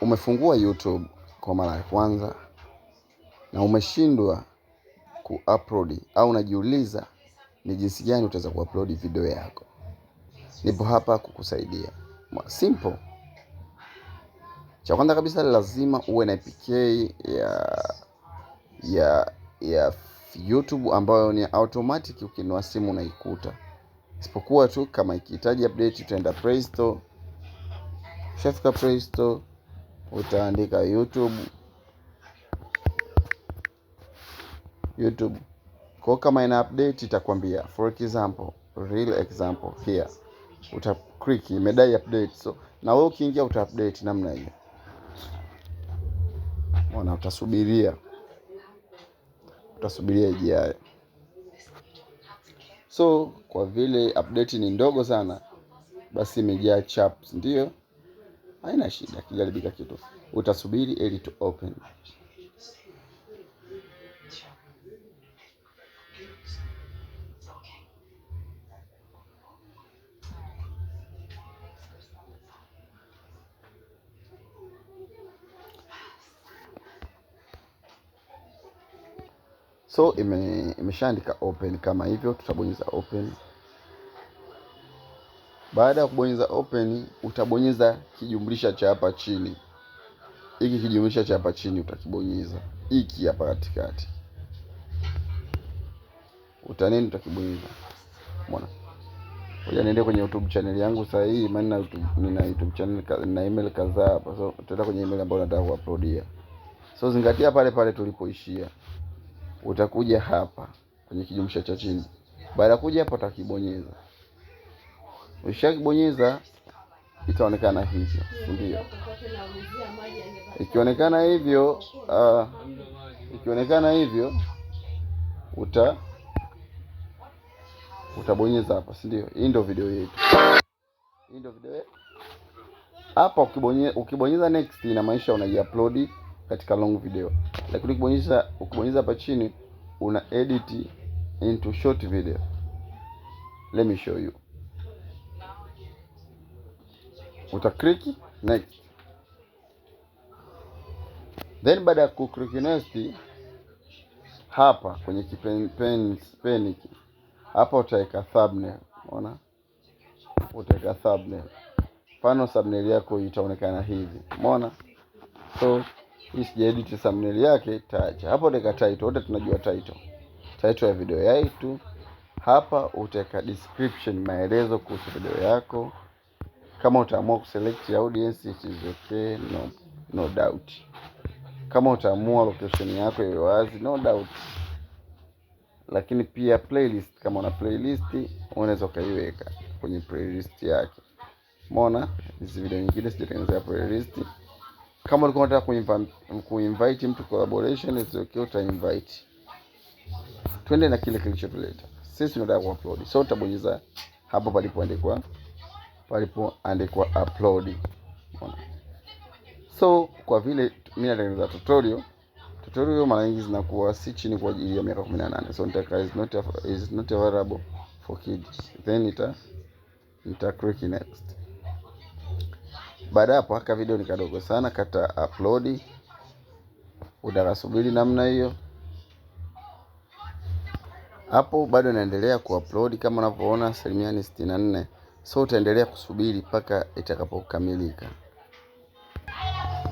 Umefungua YouTube kwa mara ya kwanza na umeshindwa kuupload au unajiuliza ni jinsi gani utaweza kuupload video yako, nipo hapa kukusaidia. Simple. Cha kwanza kabisa lazima uwe na APK ya, ya, ya YouTube ambayo ni automatic, ukinua simu unaikuta, isipokuwa tu kama ikihitaji update utaenda Play Store. Ukishafika Play Store utaandika YouTube YouTube kwa kama ina update itakwambia, for example real example here, uta click imedai update, so na wewe ukiingia uta update namna hiyo. Ona, utasubiria utasubiria ijayo. So kwa vile update ni ndogo sana, basi imejaa chaps, ndio haina shida, kijaribika kitu utasubiri ili to open. So imeshaandika open kama hivyo, tutabonyeza open. Baada ya kubonyeza open, utabonyeza kijumlisha cha hapa chini, hiki kijumlisha cha hapa chini utakibonyeza, hiki hapa katikati utaneni, utakibonyeza. Mbona ngoja niende kwenye YouTube channel yangu sasa hii, maana nina YouTube channel na email kadhaa hapa, so tutaenda kwenye email ambayo nataka kuuploadia. So zingatia pale pale tulipoishia, utakuja hapa kwenye kijumlisha cha chini. Baada ya kuja hapa, utakibonyeza Ukishabonyeza itaonekana hivyo, ndio? Ikionekana hivyo uh, ikionekana hivyo uta utabonyeza hapa, si ndio? Hii ndio video yetu, hii ndio video yetu hapa. Ukibonyeza ukibonyeza next, inamaanisha unaiupload katika long video, lakini ukibonyeza ukibonyeza hapa chini una edit into short video. Let me show you utaclick next, then baada ya kuclick next hapa kwenye kipeni hapa utaweka thumbnail. Unaona, utaweka thumbnail, mfano thumbnail yako itaonekana hivi, umeona? So hii edit thumbnail yake, taacha hapo. Utaweka title, wote tunajua title, title ya video yetu. Hapa utaweka description, maelezo kuhusu video yako. Kama utaamua kuselect audience it is okay, no, no doubt. Kama utaamua location yako iwe wazi no doubt, lakini pia playlist, kama una playlist unaweza ukaiweka kwenye playlist yake. Umeona hizi video nyingine sijatengenezea playlist. Kama ulikuwa unataka kuinvite mtu collaboration, it's okay, uta invite. Twende na kile kilichotuleta sisi, tunataka kuupload, so utabonyeza hapo palipoandikwa palipoandikwa upload. So kwa vile mimi natengeneza tutorial, tutorial mara nyingi zinakuwa si chini kwa ajili ya miaka 18, so nitaka is not is not available for kids, then ita nita click next. Baada hapo haka video ni kadogo sana, kata upload, utakasubiri namna hiyo hapo bado naendelea kuupload kama unavyoona, asilimia ni sitini so utaendelea kusubiri mpaka itakapokamilika.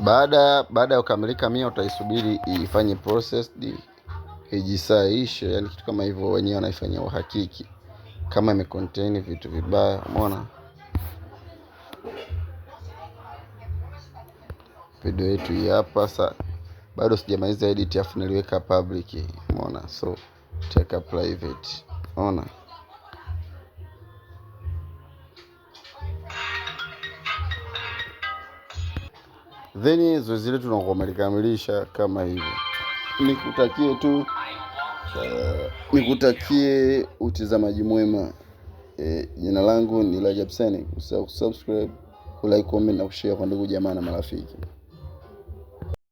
Baada baada ya kukamilika mia, utaisubiri ifanye processed ijisaishe, yani kitu kama hivyo. Wenyewe wanaifanya uhakiki kama imecontain vitu vibaya, umeona. Video yetu hii hapa sasa, bado sijamaliza edit, afu niliweka public, umeona, so teka private, umeona. Then zoezi letu la ngoma likamilisha kama hivyo. Nikutakie tu uh, nikutakie utizamaji mwema. E, jina langu ni Rajab Seni. Usisahau kusubscribe, kulike, comment na kushare kwa ndugu jamaa na marafiki.